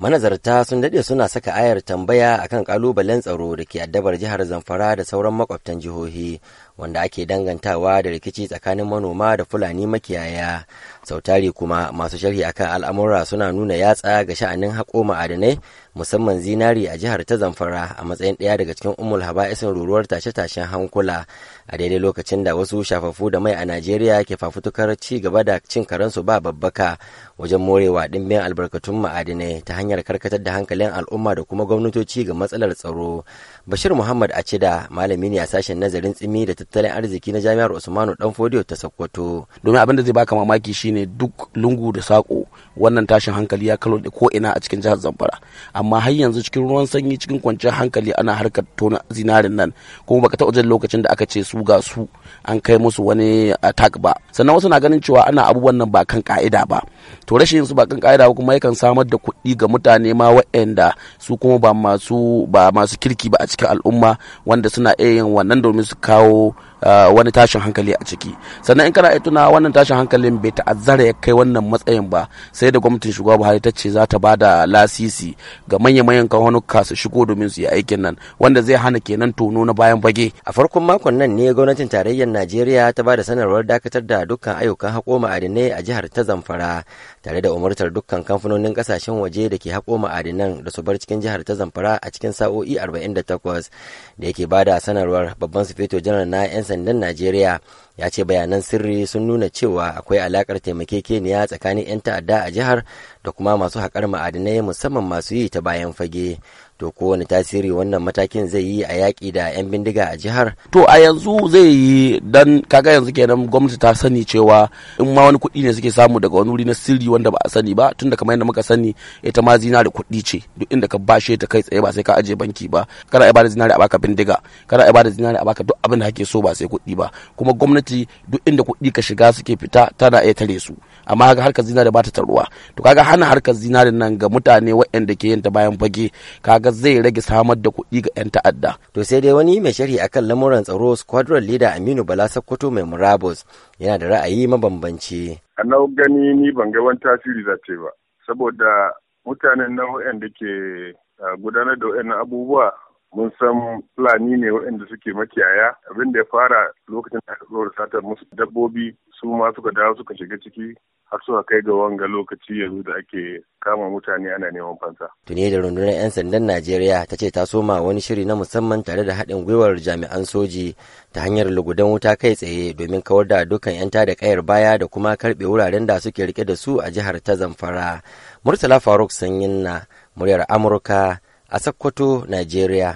manazarta sun dade suna saka ayar tambaya akan ƙalubalen tsaro da ke addabar jihar zamfara da sauran makwabtan jihohi wanda ake dangantawa da rikici tsakanin manoma da fulani makiyaya sautari kuma masu sharhi akan al'amura suna nuna yatsa ga sha'anin haƙo ma'adanai musamman zinari a jihar ta zamfara a matsayin ɗaya daga cikin umul haba'isin ruruwar tashe-tashen hankula a daidai lokacin da wasu shafafu da mai a najeriya ke fafutukar ci gaba da cin karensu ba babbaka wajen morewa ɗimbin albarkatun ma'adinai ta hanyar karkatar da hankalin al'umma da kuma gwamnatoci ga matsalar tsaro bashir muhammad acida malami ne a sashen nazarin tsimi da tattalin arziki na jami'ar Usmanu Danfodiyo ta Sokoto. Domin abin da zai baka mamaki shine duk lungu da sako wannan tashin hankali ya kalo ko ina a cikin jihar zamfara amma har yanzu cikin ruwan sanyi cikin kwanciyar hankali ana harkar tona zinarin nan kuma baka taɓa jin lokacin da aka ce su ga su an kai musu wani attack ba sannan wasu na ganin cewa ana abu wannan ba kan ka'ida ba to rashin su ba kan ka'ida ba kuma yakan samar da kuɗi ga mutane ma waɗanda su kuma ba masu ba masu kirki ba a cikin al'umma wanda suna iya yin wannan domin su kawo Ah, wani tashin hankali a ciki sannan in kana iya tuna wannan tashin hankalin bai ta'azzara ya kai wannan matsayin ba sai da gwamnatin shugaba buhari ta ce za ta ba da lasisi ga manya-manyan kawanuka su shigo domin su yi aikin nan wanda zai hana kenan tono na bayan bage a farkon makon nan ne gwamnatin tarayyar najeriya ta ba da sanarwar dakatar da dukkan ayyukan haƙo ma'adinai a jihar ta zamfara tare da umartar dukkan kamfanonin kasashen waje da ke haƙo ma'adinan da su bar cikin jihar ta zamfara a cikin sa'o'i arba'in da da yake ba da sanarwar babban sufeto janar na 'yan sandan Najeriya ya ce bayanan sirri sun nuna cewa akwai alakar taimakekeniya tsakanin 'yan ta'adda a jihar da kuma masu haƙar ma'adinai musamman masu yi ta bayan fage. to kowane tasiri wannan matakin zai yi a yaƙi da 'yan bindiga a jihar to a yanzu zai yi dan kaga yanzu kenan gwamnati ta sani cewa in ma wani kuɗi ne suke samu daga wani wuri na sirri wanda ba a sani ba tunda kamar yadda muka sani ita ma zinari kuɗi ce duk inda ka bashe ta kai tsaye ba sai ka aje banki ba kana iya bada zinari a baka bindiga kana iya bada zinari a baka duk abin da kake so ba sai kuɗi ba kuma gwamnati duk inda kuɗi ka shiga suke fita tana iya tare su amma kaga harkar zinari ba ta taruwa to kaga hana harkar zinarin nan ga mutane waɗanda ke yin ta bayan fage kaga ga zai rage samar da kuɗi ga 'yan ta'adda. To sai dai wani mai sharhi akan lamuran tsaro squadron leader Aminu Bala Sokoto mai murabus yana da ra'ayi mabambanci. A nau gani ni ban ga wani tasiri za ba saboda mutanen nan da ke ah, gudanar da waɗannan abubuwa mun san fulani ne waɗanda suke makiyaya abin da ya fara lokacin da aka zo satar musu dabbobi su ma suka dawo suka shiga ciki har suka kai ga wanga lokaci yanzu da ake kama mutane ana neman fansa. Tuni da rundunar 'yan sandan Najeriya ta ce ta soma wani shiri na musamman tare da haɗin gwiwar jami'an soji ta hanyar lugudan wuta kai tsaye domin kawar da dukkan 'yan da kayar baya da kuma karɓe wuraren da suke rike da su a jihar ta Zamfara. Murtala Faruk Sanyin na muryar Amurka a Sokoto, Najeriya.